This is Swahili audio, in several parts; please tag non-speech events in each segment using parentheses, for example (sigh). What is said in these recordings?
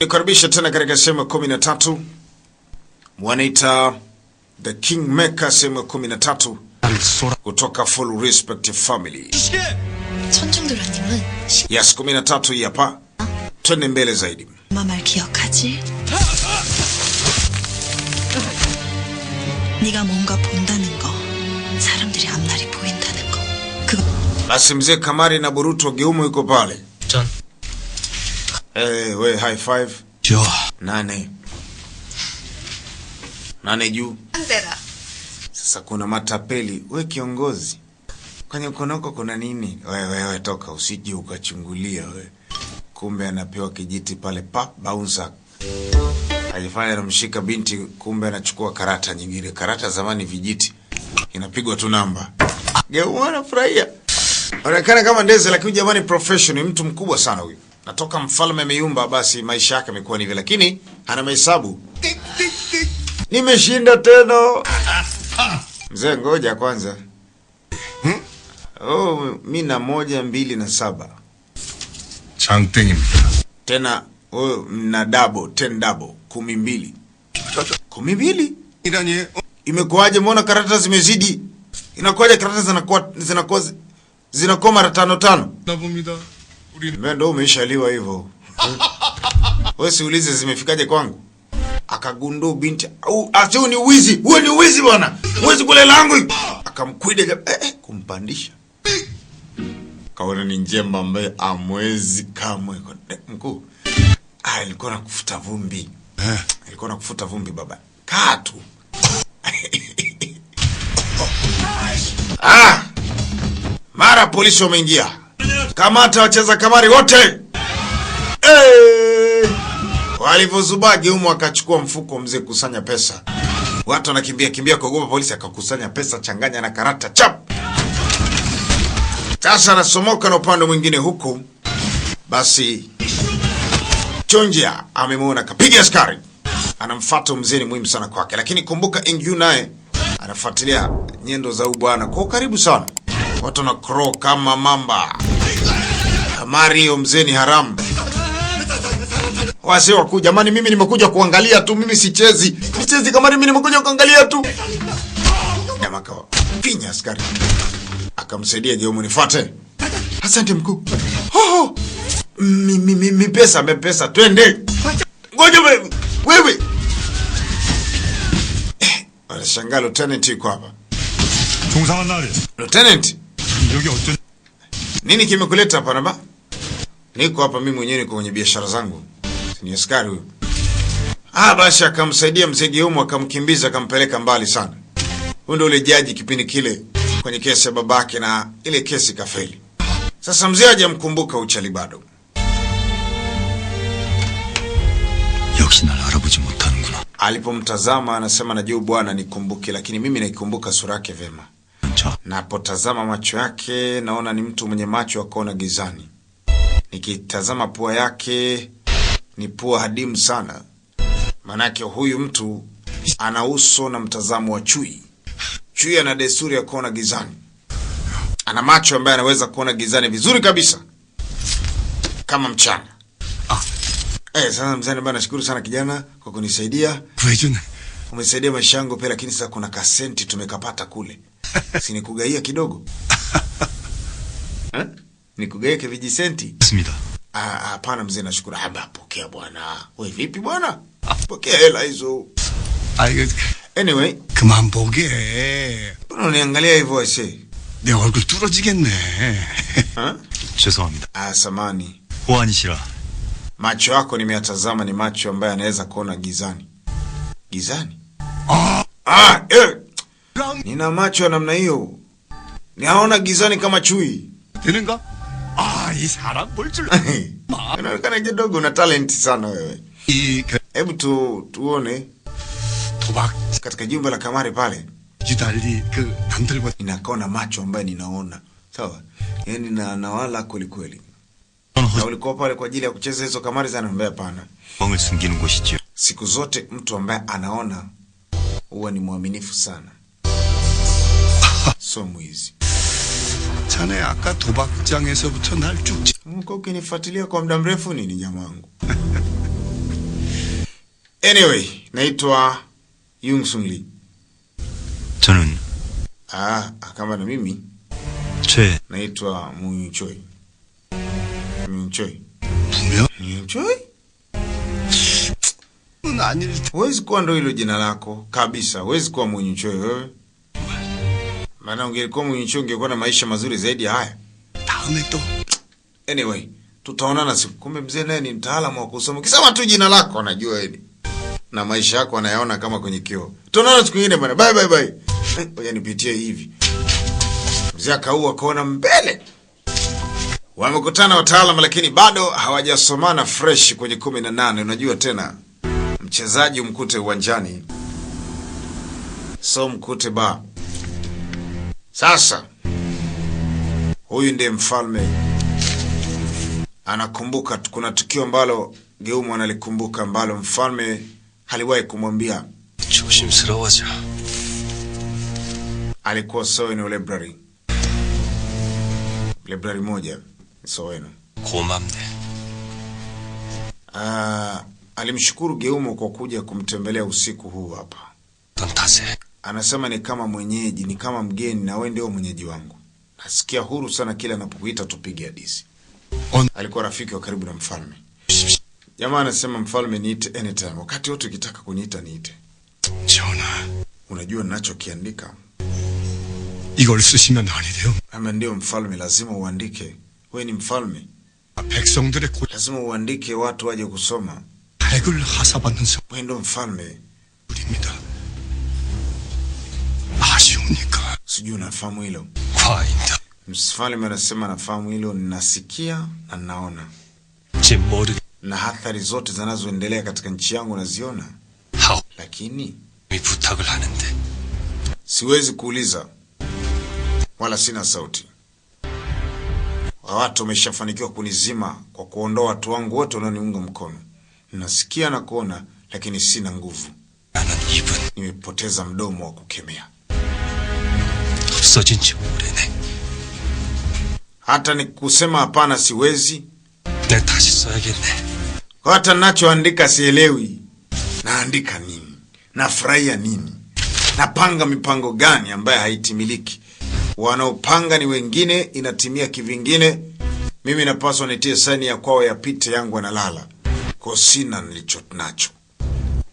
Nikukaribisha tena katika sehemu kumi na tatu mwanaita The Kingmaker, sehemu ya kumi na tatu kutoka Full Respect Family. Yes, kumi na tatu hii hapa, twende mbele zaidi. Basi mzee Kamari na Boruto Geumo yuko pale Eh, we high five. Jo. Nane. Nane juu. Angela. Sasa kuna matapeli. We kiongozi. Kwenye mkono wako kuna nini? We we we toka usije ukachungulia we. Kumbe anapewa kijiti pale pap bouncer. Alifanya anamshika binti kumbe anachukua karata nyingine. Karata zamani vijiti. Inapigwa tu namba. Geu anafurahia. Anaonekana kama ndeze lakini jamani professional mtu mkubwa sana huyu na toka mfalme ameyumba, basi maisha yake amekuwa ni lakini hana mahesabu. Nimeshinda tena (laughs) mzee, ngoja kwanza hmm? Oh, mi na moja mbili na saba tena oh, na dabo ten dabo kumi mbili kumi mbili imekuwaje? Mbona karata zimezidi? Inakuwaje karata zinakuwa zinakuwa zinakuwa mara tano tano? Hmm? Wewe ndio umeishaliwa hivyo. Wewe siulize zimefikaje kwangu. Akagundua binti au acho ni wizi. Wewe ni wizi bwana. Mwezi kule langu. Akamkwida eh, eh, kumpandisha. Kaona ni njema ambaye amwezi kamwe. Mkuu. Ah, alikuwa nakufuta vumbi. Eh. Alikuwa nakufuta vumbi baba. Kaa tu. (laughs) Ah! Mara polisi wameingia. Kamata wacheza kamari wote hey! Walivyozubagi humo akachukua mfuko mzee kusanya pesa, watu wanakimbia kimbia kuogopa polisi, akakusanya pesa, changanya na karata chap. Sasa anasomoka na upande mwingine huku, basi Chonjia amemwona kapiga askari, anamfuata. Mzee ni muhimu sana kwake, lakini kumbuka Ingyu naye anafuatilia nyendo za huyu kwa ukaribu sana, watu wanakro kama mamba Mario mzeni haramu wase waku, jamani, mimi nimekuja kuangalia tu, mimi sichezi, sichezi kamari, mimi nimekuja kuangalia tu. Jamaa kawapinya askari akamsaidia, je, nifate. Asante mkuu. Hoho, mi, mi, pesa me pesa, twende. Ngoja we, wewe eh, anashangaa lieutenant yuko hapa. Lieutenant, nini kimekuleta hapa namba? niko hapa mimi mwenyewe, niko kwenye biashara zangu, ni askari huyo. Ah, basi akamsaidia mzee Giumo, akamkimbiza akampeleka mbali sana. Huyo ndio yule jaji kipindi kile kwenye kesi ya babake, na ile kesi kafeli. Sasa mzee hajamkumbuka uchali bado. Yoksina la arabuji Alipomtazama anasema, najua bwana nikumbuke, lakini mimi naikumbuka sura yake vema. Napotazama macho yake naona ni mtu mwenye macho akaona gizani. Nikitazama pua yake ni pua hadimu sana, Manake huyu mtu ana uso na mtazamo wa chui. Chui ana desturi ya kuona gizani, ana macho ambayo anaweza kuona gizani vizuri kabisa kama mchana. Ah. Eh, sana mzani bana, nashukuru sana kijana kwa kunisaidia. Umesaidia maisha yangu pia, lakini sasa kuna kasenti tumekapata kule. (laughs) Sinikugaia kidogo? (laughs) nikugaweke vijisenti? Ah, ah, Hapana mzee, nashukuru. Haba, pokea bwana. Wewe vipi bwana? Pokea hela hizo. Eh, anyway, kama mboge. Eh. Bwana niangalia hivyo ase. Ndio 얼굴 뚫어지겠네. Ah? 죄송합니다. Ah, samani. Wani shira. Macho yako nimeyatazama ni macho ambayo anaweza kuona gizani. Gizani? Ah, ah, eh. Nina macho ya namna hiyo. Naona gizani kama chui. 되는가? 아, 이 사람 볼줄 마. 그러니까 이제 너고 나 talent sana wewe. 이 hebu tu tuone 도박 katika jumba la kamari pale. Jitali 그 남들보다 ninakona macho ambayo ninaona. Sawa? Yaani na nawala kweli kweli. Na ulikuwa pale kwa ajili ya kucheza hizo kamari sana mbaya pana. Mungu 숨기는 곳이죠. Siku zote mtu ambaye anaona huwa ni mwaminifu sana. So mwizi chane aka 자네 아까 도박장에서부터 날 쭉. mko ukinifuatilia kwa muda mrefu nini nyama wangu? (laughs) Anyway, naitwa Yung Sung Lee. 저는 Ah, kama na mimi 최 naitwa Yung Choi. Moon Choi. Mung Yung Choi? 아닐. Huwezi kuwa ndo hilo jina lako kabisa. Huwezi kuwa Yung Choi wewe. Maana ungekuwa mwenye ungekuwa na maisha mazuri zaidi ya haya. tu. Anyway, tutaonana siku. Kumbe mzee naye ni mtaalamu wa kusoma. Kisema tu jina lako anajua hili. Na maisha yako anayaona kama kwenye kioo. Tutaonana siku nyingine bwana. Bye bye bye. Ngoja eh, nipitie hivi. Mzee akaua kona mbele. Wamekutana wataalamu lakini bado hawajasomana fresh kwenye 18. Unajua tena mchezaji umkute uwanjani, so mkute ba sasa huyu ndiye mfalme anakumbuka, kuna tukio ambalo Geumu analikumbuka ambalo mfalme haliwahi kumwambia 조심스러워져. Alikuwa Soeno library, library moja Soeno. 고맙네. Ah, alimshukuru Geumu kwa kuja kumtembelea usiku huu hapa anasema ni kama mwenyeji, ni kama mgeni, na wewe ndio mwenyeji wangu. Nasikia huru sana kila anapokuita tupige hadithi. On... Alikuwa rafiki wa karibu na mfalme. Jamaa anasema mfalme, niite anytime, wakati wote ukitaka kuniita niite. Jona, unajua ninachokiandika? Igor Sushima nani ndio? Ama ndio mfalme, lazima uandike. Wewe ni mfalme. ku Lazima uandike watu waje kusoma. Wewe ndio mfalme. Sijui unafahamu hilo. Mfalme anasema nafahamu hilo, ninasikia na ninaona, na hathari zote zinazoendelea katika nchi yangu naziona, lakini siwezi kuuliza wala sina sauti. Watu wameshafanikiwa kunizima kwa kuondoa watu wangu wote wanaoniunga mkono. nasikia na kuona, lakini sina nguvu. Nimepoteza mdomo wa kukemea. 없어진 지 ne. Hata ni kusema hapana siwezi. 내 ne. Kwa Hata nachoandika sielewi. Naandika nini? Nafurahia nini? Napanga mipango gani ambayo haitimiliki? Wanaopanga ni wengine, inatimia kivingine. Mimi napaswa nitie saini ya kwao yapite, yangu analala Kwa sina nilicho nacho.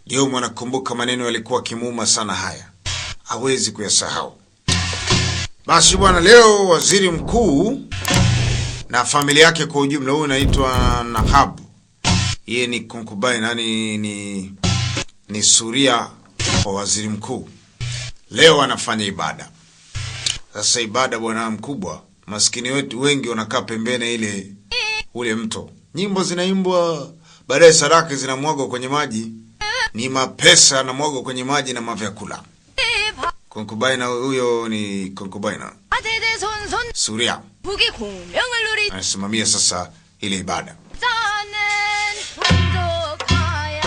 Jeumu anakumbuka maneno yalikuwa kimuma sana, haya hawezi kuyasahau. Basi bwana, leo waziri mkuu na familia yake kwa ujumla, huyu anaitwa Nahab, yeye ni concubine, yani ni ni suria kwa waziri mkuu. Leo anafanya ibada. Sasa ibada bwana mkubwa, maskini wetu wengi wanakaa pembeni ile ule mto, nyimbo zinaimbwa, baadaye sadaka zinamwagwa kwenye maji, ni mapesa yanamwagwa kwenye maji na mavyakula. konkubaina huyo ni konkubaina 손 Suria 북이 공명을 누리 anasimamia sasa ile ibada. 나는 운동하야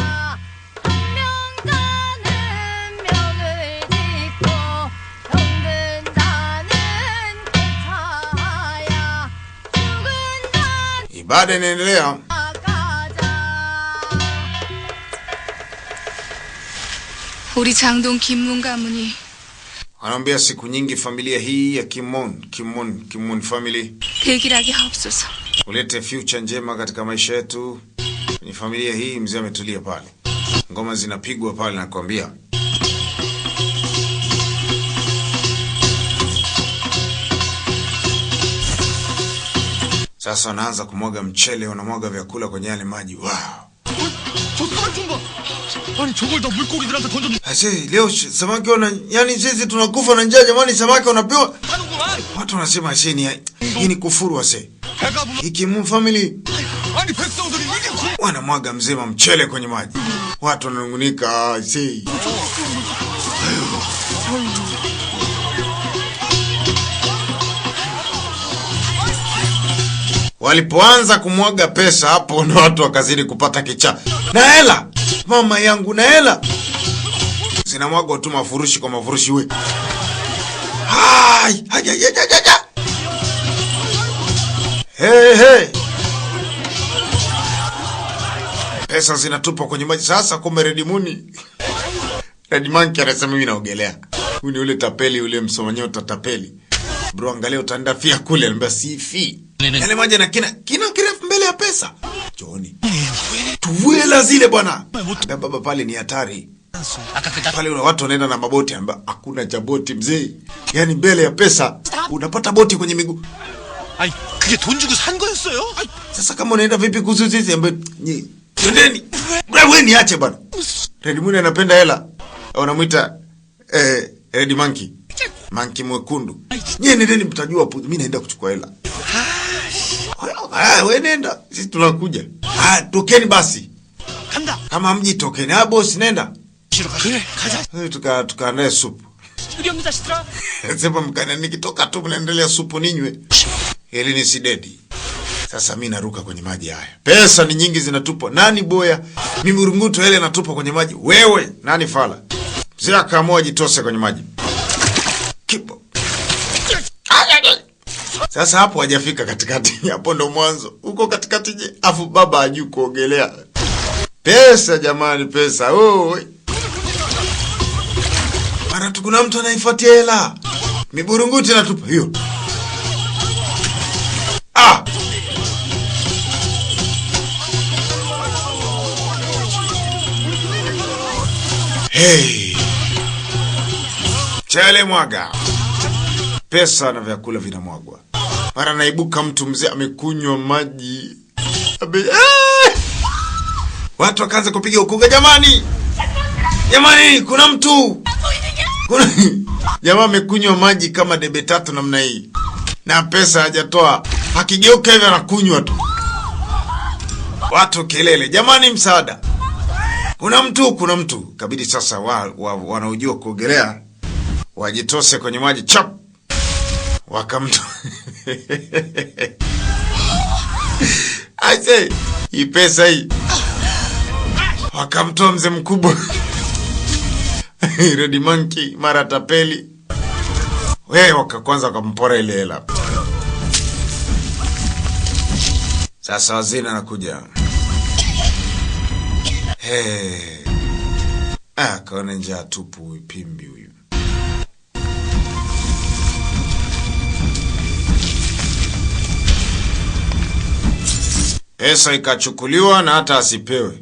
한명다는 명을 짓고 병든 자는 고차야 죽은 자는 Ibada inaendelea 가자 우리 장동 김문 가문이 anaambia siku nyingi familia hii ya Kimon, Kimon, Kimon family ulete future njema katika maisha yetu kwenye familia hii. Mzee ametulia pale, ngoma zinapigwa pale, na kuambia sasa. Wanaanza kumwaga mchele, wanamwaga vyakula kwenye yale maji. Wow. 저쌀 봐. 아니 저걸 다 물고기들한테 던져. Aisee, leo sh- samaki wana yani, sisi tunakufa na njaa jamani, samaki wanapewa. 하는구만. Watu wanasema aisee, ni hii ni kufuru 배가 불러. Ikimu family 아니 백성들이 이게 구- wanamwaga mzima mchele kwenye maji, watu wananungunika aisee. Walipoanza kumwaga pesa hapo, (laughs) na watu wakazidi kupata kichaa. Na hela mama yangu, na hela zinamwagwa tu, mafurushi kwa mafurushi. We pesa zinatupwa kwenye maji. Sasa kumbe Redimuni, (laughs) Redimanki anasema mimi naogelea. Huyu ni ule tapeli, ule msomanyota tapeli. Bro, angalia utaenda fia kule, anambia si fi yale yaani maji na kina kina kirefu mbele ya pesa. Johnny. Tuwela zile bwana. Baba pale ni hatari. Akapita pale una watu wanaenda na maboti amba hakuna cha boti mzee. Yaani mbele ya pesa unapata boti kwenye miguu. Ai, kile 돈 주고 산 거였어요? sasa kama unaenda vipi kuhusu sisi ambaye ni Twendeni. Wewe niache bwana. Red Moon anapenda hela. Wanamuita eh Red Monkey. Monkey mwekundu. Nyie nendeni mtajua mimi naenda kuchukua hela. Ah, wewe nenda, sisi tunakuja. Ah, tokeni basi. Kanda. Kama mji tokeni. Ah, boss nenda. Eh, eh, tuka tuka nae supu. (laughs) Sema mkana nikitoka tu mnaendelea supu ninywe. Hili ni sidedi. Sasa mimi naruka kwenye maji haya. Pesa ni nyingi zinatupwa. Nani boya? Mimi runguto ile natupwa kwenye maji. Wewe nani fala? Mzee akaamua jitose kwenye maji. Kipo. Sasa hapo hajafika katikati, (laughs) hapo ndo mwanzo. Huko katikati je, afu baba hajui kuogelea. Pesa jamani, pesa oh. Mara tu kuna mtu anaifuatia hela, miburunguti natupa hiyo. Ah, hey, chele mwaga pesa na vyakula vinamwagwa mara anaibuka mtu mzee amekunywa maji Abe... Eh! watu wakaanza kupiga ukuga, jamani, jamani, kuna mtu kuna... jamaa amekunywa maji kama debe tatu namna hii na pesa hajatoa, akigeuka hivi anakunywa tu. Watu kelele, jamani, msaada, kuna mtu, kuna mtu. Kabidi sasa wa, wa, wanaojua kuogelea wajitose kwenye maji chap, wakamtoa (laughs) Aise, hii pesa hii wakamtoa mzee mkubwa Red Monkey mara tapeli we, wakakwanza wakampora ile hela. Sasa wazina anakuja hey. Akaona ah, njaa tupu, huyu pimbi huyu. pesa ikachukuliwa na hata asipewe.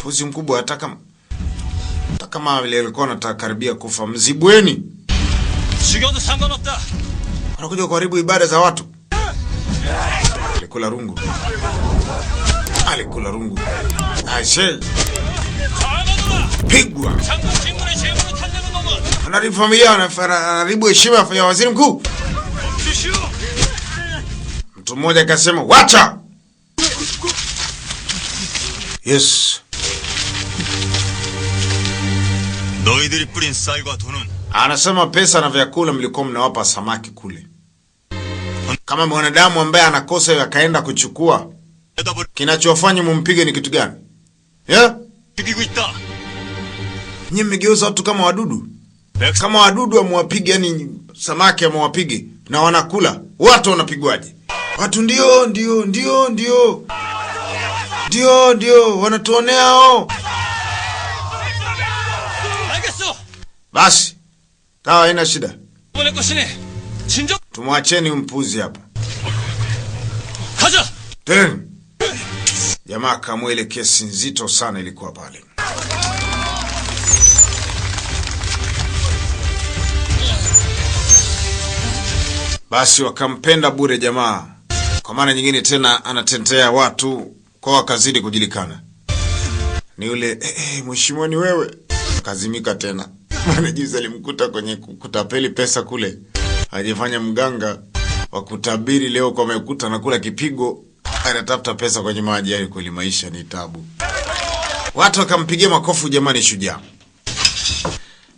Mbuzi mkubwa hata kama hata kama vile alikuwa anatakaribia kufa, mzibweni. Anakuja kuharibu ibada za watu. Alikula rungu. Alikula rungu. Aishe. Pigwa. anaribu familia, anaribu heshima ya waziri mkuu. Mtu mmoja akasema, "Wacha!" 예스. 너희들이 뿌린 쌀과 돈은 Anasema pesa na vyakula mlikuwa mnawapa samaki kule. Kama mwanadamu ambaye anakosa akaenda kuchukua, kinachofanya mumpige ni kitu gani? Yeah? Nyinyi mmegeuza watu kama wadudu. Kama wadudu amwapige, yani samaki amwapige na wanakula. Watu wanapigwaje? Watu ndio ndio ndio ndio. Ndio, ndio wanatuonea hao. Basi sawa, haina shida, tumwacheni mpuzi hapa. Jamaa kamwele, kesi nzito sana ilikuwa pale. Basi wakampenda bure jamaa, kwa maana nyingine tena anatetea watu kwa akazidi kujulikana. Ni yule hey, eh, eh, mheshimiwa ni wewe, akazimika tena. (laughs) Maana alimkuta kwenye kutapeli pesa kule, ajifanya mganga wa kutabiri, leo kwa amekuta kula kipigo, anatafuta pesa kwenye maji. Hayo kweli maisha ni tabu. Watu wakampigia makofu jamani, shujaa.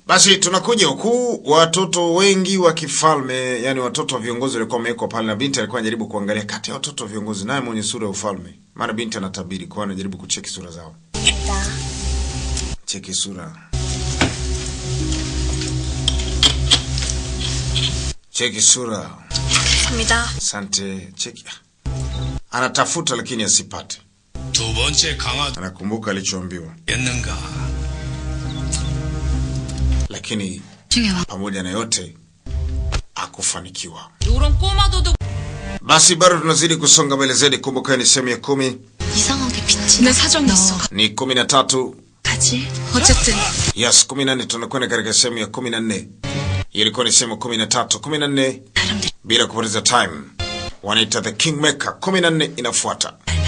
Basi tunakuja huku, watoto wengi wa kifalme, yani watoto wa viongozi walikuwa wamewekwa pale, na binti alikuwa anajaribu kuangalia kati ya watoto wa viongozi naye mwenye sura ya ufalme. Maana binti anatabiri, kwa anajaribu kucheki sura zao. Cheki sura, cheki sura. Asante, cheki. Anatafuta lakini asipate. Anakumbuka alichoambiwa lakini pamoja na yote akufanikiwa. Basi bado tunazidi kusonga mbele zaidi. Kumbuka ni sehemu ya kumi ni kumi na tatu yes, kumi na nne tunakwenda katika sehemu ya kumi na nne Ilikuwa ni sehemu kumi na tatu kumi na nne bila kupoteza time, wanaita the kingmaker. Kumi na nne inafuata.